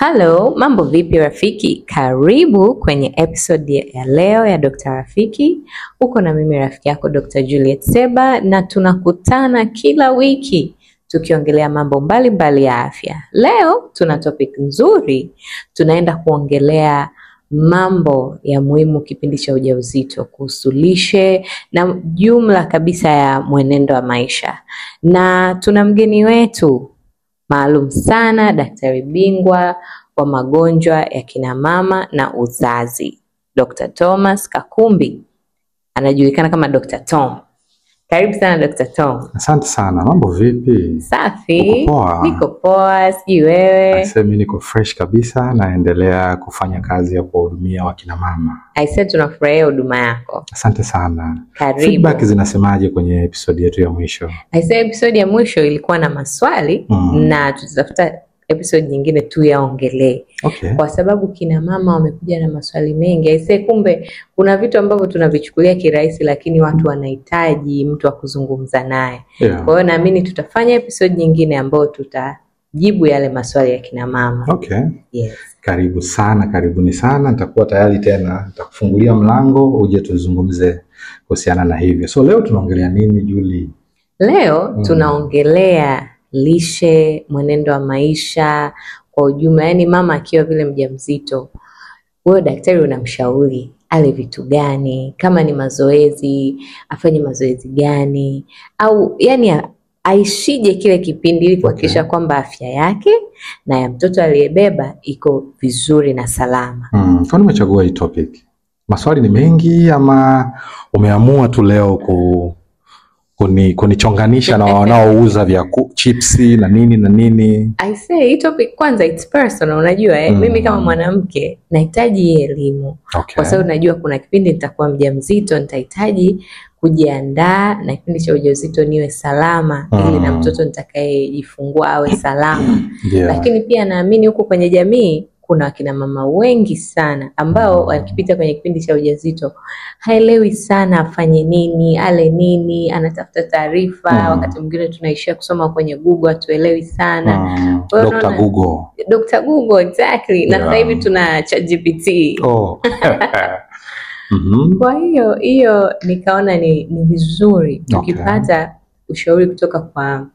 Halo, mambo vipi rafiki? Karibu kwenye episode ya leo ya Dokta Rafiki. Uko na mimi rafiki yako Dr. Juliet Seba na tunakutana kila wiki tukiongelea mambo mbalimbali mbali ya afya. Leo tuna topic nzuri, tunaenda kuongelea mambo ya muhimu kipindi cha ujauzito kuhusu lishe na jumla kabisa ya mwenendo wa maisha, na tuna mgeni wetu maalum sana, daktari bingwa wa magonjwa ya kina mama na uzazi, Dr. Thomas Kakumbi anajulikana kama Dr. Tom. Karibu sana Dr. Tom. Asante sana. Mambo vipi? Safi. Niko poa, sijui wewe. Aisee, mimi niko fresh kabisa, naendelea kufanya kazi ya kuwahudumia wakina mama. said tunafurahia huduma yako. Asante sana. Karibu. Feedback zinasemaje kwenye episodi yetu ya mwisho? said episode ya mwisho ilikuwa na maswali mm, na tutatafuta episode nyingine tu yaongelee, okay. Kwa sababu kina mama wamekuja na maswali mengi aise kumbe kuna vitu ambavyo tunavichukulia kirahisi, lakini watu wanahitaji mtu wa kuzungumza naye yeah. Kwa hiyo naamini tutafanya episode nyingine ambayo tutajibu yale maswali ya kina mama okay. Yes. Karibu sana, karibuni sana, nitakuwa tayari tena, nitakufungulia mlango uje tuzungumze kuhusiana na hivyo. So leo tunaongelea nini Julie? Leo mm. tunaongelea lishe, mwenendo wa maisha kwa ujumla. Yaani mama akiwa vile mjamzito, wewe daktari unamshauri ale vitu gani? Kama ni mazoezi afanye mazoezi gani? Au yani aishije kile kipindi ili kuhakikisha okay, kwamba afya yake na ya mtoto aliyebeba iko vizuri na salama. Mm, kwani umechagua hii topic? Maswali ni mengi ama umeamua tu leo ku kuni kunichonganisha na wanaouza vya chipsi na nini na nini. I say hii topic kwanza it's personal, unajua eh? Mm. Mimi kama mwanamke nahitaji elimu okay. Kwa sababu najua kuna kipindi nitakuwa mjamzito, nitahitaji kujiandaa na kipindi cha ujauzito niwe salama mm. ili na mm. mtoto nitakayejifungua awe salama yeah. Lakini pia naamini huko kwenye jamii kuna wakina mama wengi sana ambao wakipita kwenye kipindi cha ujauzito haelewi sana afanye nini, ale nini, anatafuta taarifa mm. Wakati mwingine tunaishia kusoma kwenye Google, hatuelewi sana mm. Dr. Google. Dr. Google, exactly. Yeah. Na sasa hivi tuna ChatGPT. Oh. Mm-hmm. Kwa hiyo hiyo nikaona ni, ni vizuri tukipata okay. ushauri kutoka kwa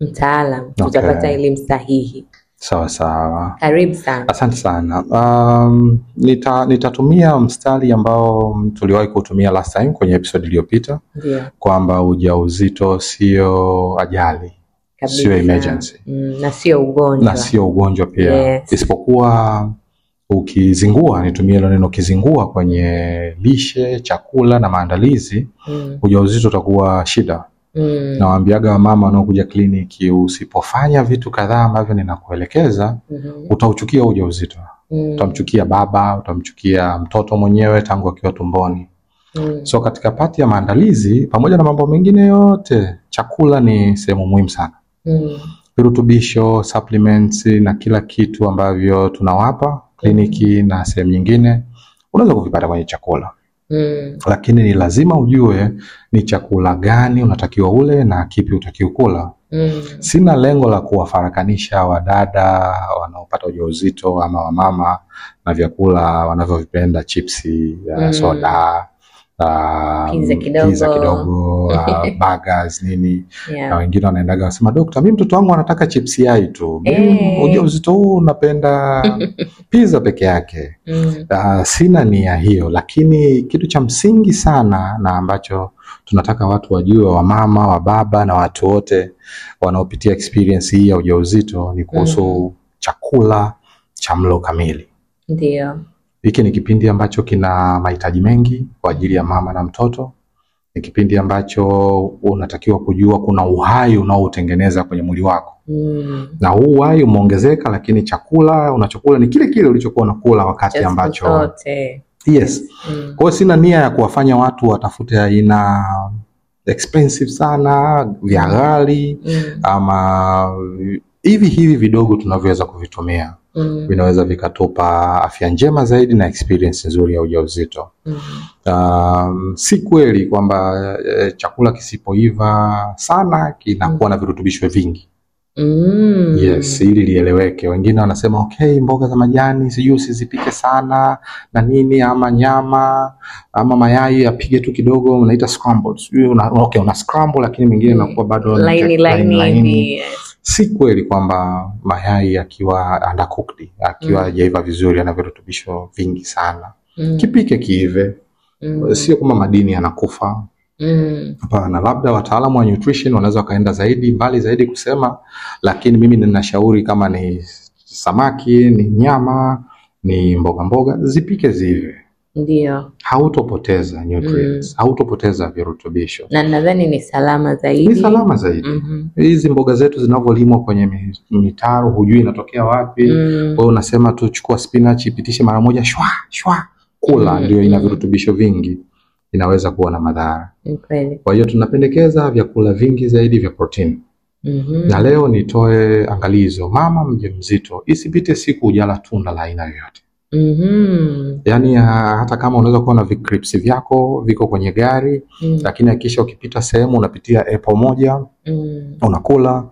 mtaalam okay. tutapata elimu sahihi. Sawa sawa, karibu sana, asante sana. Um, nita, nitatumia mstari ambao tuliwahi kutumia last time kwenye episode iliyopita yeah, kwamba ujauzito sio ajali kabisa, sio emergency mm, na sio ugonjwa, na sio ugonjwa pia yes, isipokuwa ukizingua, nitumie hilo neno ukizingua kwenye lishe, chakula na maandalizi mm, ujauzito utakuwa shida Mm. Nawaambiaga wamama wanaokuja kliniki, usipofanya vitu kadhaa ambavyo ninakuelekeza mm -hmm. utauchukia ujauzito mm. Utamchukia baba, utamchukia mtoto mwenyewe tangu akiwa tumboni mm. So katika pati ya maandalizi, pamoja na mambo mengine yote, chakula ni sehemu muhimu sana mm. Virutubisho, supplements na kila kitu ambavyo tunawapa kliniki mm. na sehemu nyingine unaweza kuvipata kwenye chakula Mm. Lakini ni lazima ujue ni chakula gani unatakiwa ule na kipi utakiwa kula. Mm. Sina lengo la kuwafarakanisha wadada wanaopata ujauzito ama wamama na vyakula wanavyovipenda, chipsi, mm. soda uh, kidogo, kidogo uh, burgers nini yeah. Na wengine wanaendaga wasema, dokta, mi mtoto wangu anataka chips yai tu hey. Eh. Uzito huu napenda pizza peke yake mm. Uh, sina nia hiyo, lakini kitu cha msingi sana na ambacho tunataka watu wajue, wamama, baba na watu wote wanaopitia experience hii ya ujauzito ni kuhusu mm. chakula cha mlo kamili, ndio hiki ni kipindi ambacho kina mahitaji mengi kwa ajili ya mama na mtoto. Ni kipindi ambacho unatakiwa kujua kuna uhai unaoutengeneza kwenye mwili wako mm. na huu uhai umeongezeka, lakini chakula unachokula ni kile kile ulichokuwa unakula wakati Just ambacho mtote. Yes. Mm. Kwa hiyo sina nia ya kuwafanya watu watafute aina expensive sana vya ghali mm. ama hivi hivi vidogo tunavyoweza kuvitumia mm. vinaweza vikatupa afya njema zaidi na experience nzuri ya ujauzito. mm. Um, si kweli kwamba e, chakula kisipoiva sana kinakuwa mm. na virutubisho vingi. Mm. Yes, ili lieleweke. Wengine wanasema okay, mboga za majani sijui usizipike sana na nini, ama nyama ama mayai yapige tu kidogo, unaita scramble sijui una, okay, una scramble lakini mengine inakuwa mm. bado laini laini, yes. Si kweli kwamba mayai akiwa undercooked, akiwa hajaiva mm. vizuri, ana virutubisho vingi sana mm. kipike kiive mm. sio kwamba madini yanakufa mm. hapana mm. Labda wataalamu wa nutrition wanaweza wakaenda zaidi mbali zaidi kusema, lakini mimi ninashauri kama ni samaki, ni nyama, ni mboga mboga, zipike ziive ndio hautopoteza nutrients, mm. hautopoteza virutubisho na nadhani ni salama zaidi, ni salama zaidi mm hizi mboga zetu zinavyolimwa kwenye mitaro, hujui inatokea wapi mm. Wewe unasema tu chukua spinach ipitishe mara moja, shwa shwa kula, mm. ndio ina mm. virutubisho vingi, inaweza kuwa na madhara okay. Kwa hiyo tunapendekeza vyakula vingi zaidi vya protein Mm -hmm. Na leo nitoe angalizo, mama mjamzito, isipite siku ujala tunda la aina yoyote mm -hmm. Yaani ah, hata kama unaweza kuwa na vicrips vyako viko kwenye gari mm. Lakini hakikisha ukipita sehemu unapitia epo moja mm. Unakula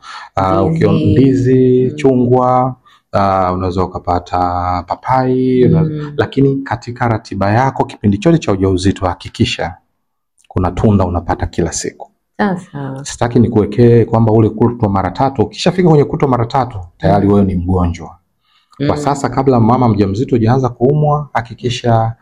uh, ndizi mm. chungwa Uh, unaweza ukapata papai mm. unaweza, lakini katika ratiba yako kipindi chote cha ujauzito hakikisha kuna tunda unapata kila siku. Sasa sitaki nikuwekee kwamba ule kutwa mara tatu, ukishafika kwenye kutwa mara tatu tayari wewe ni mgonjwa. Mm. Kwa sasa kabla mama mjamzito hajaanza kuumwa, hakikisha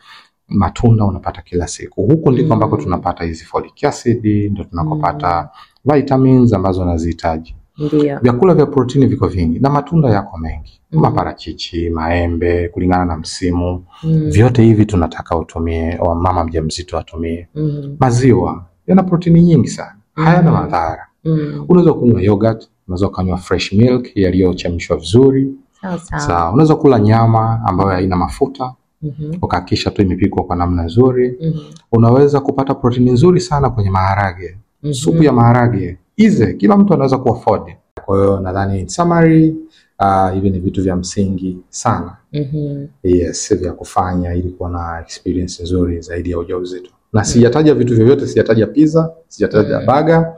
matunda unapata kila siku. Huku ndiko ambako mm. tunapata hizi folic acid, ndio tunakopata mm. vitamins ambazo unazihitaji. Ndio. Vyakula vya protini viko vingi na matunda yako mengi, mm. maparachichi, maembe kulingana na msimu mm. vyote hivi tunataka utumie, wa mama mjamzito atumie. mm. Maziwa yana protini nyingi sana, mm. hayana madhara. mm. Unaweza kunywa yogurt, unaweza kunywa fresh milk yaliyochemshwa vizuri Sawa, sawa. Sawa. unaweza kula nyama ambayo haina mafuta mm -hmm. ukahakisha tu imepikwa kwa namna nzuri mm -hmm. unaweza kupata protini nzuri sana kwenye maharage mm -hmm. supu ya maharage ize, kila mtu anaweza ku afford. Kwa hiyo nadhani in summary Uh, hivi ni vitu vya msingi sana mm -hmm. Yes, vya kufanya ili kuwa na experience nzuri zaidi ya ujauzito na mm -hmm. Sijataja vitu vyovyote, sijataja pizza, sijataja mm -hmm. baga,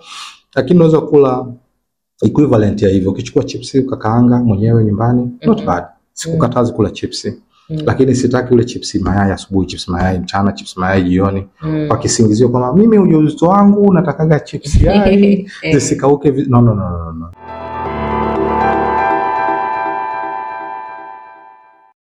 lakini unaweza kula equivalent ya hivyo. Ukichukua chipsi ukakaanga mwenyewe nyumbani, not bad. Sikukatazi mm. kula chipsi Mm. Lakini sitaki ule chipsi mayai asubuhi, chipsi mayai mchana, chipsi mayai jioni mm. kwa kisingizio kwamba mimi ujauzito wangu natakaga chipsi yai zisikauke. No, no, no, no, no.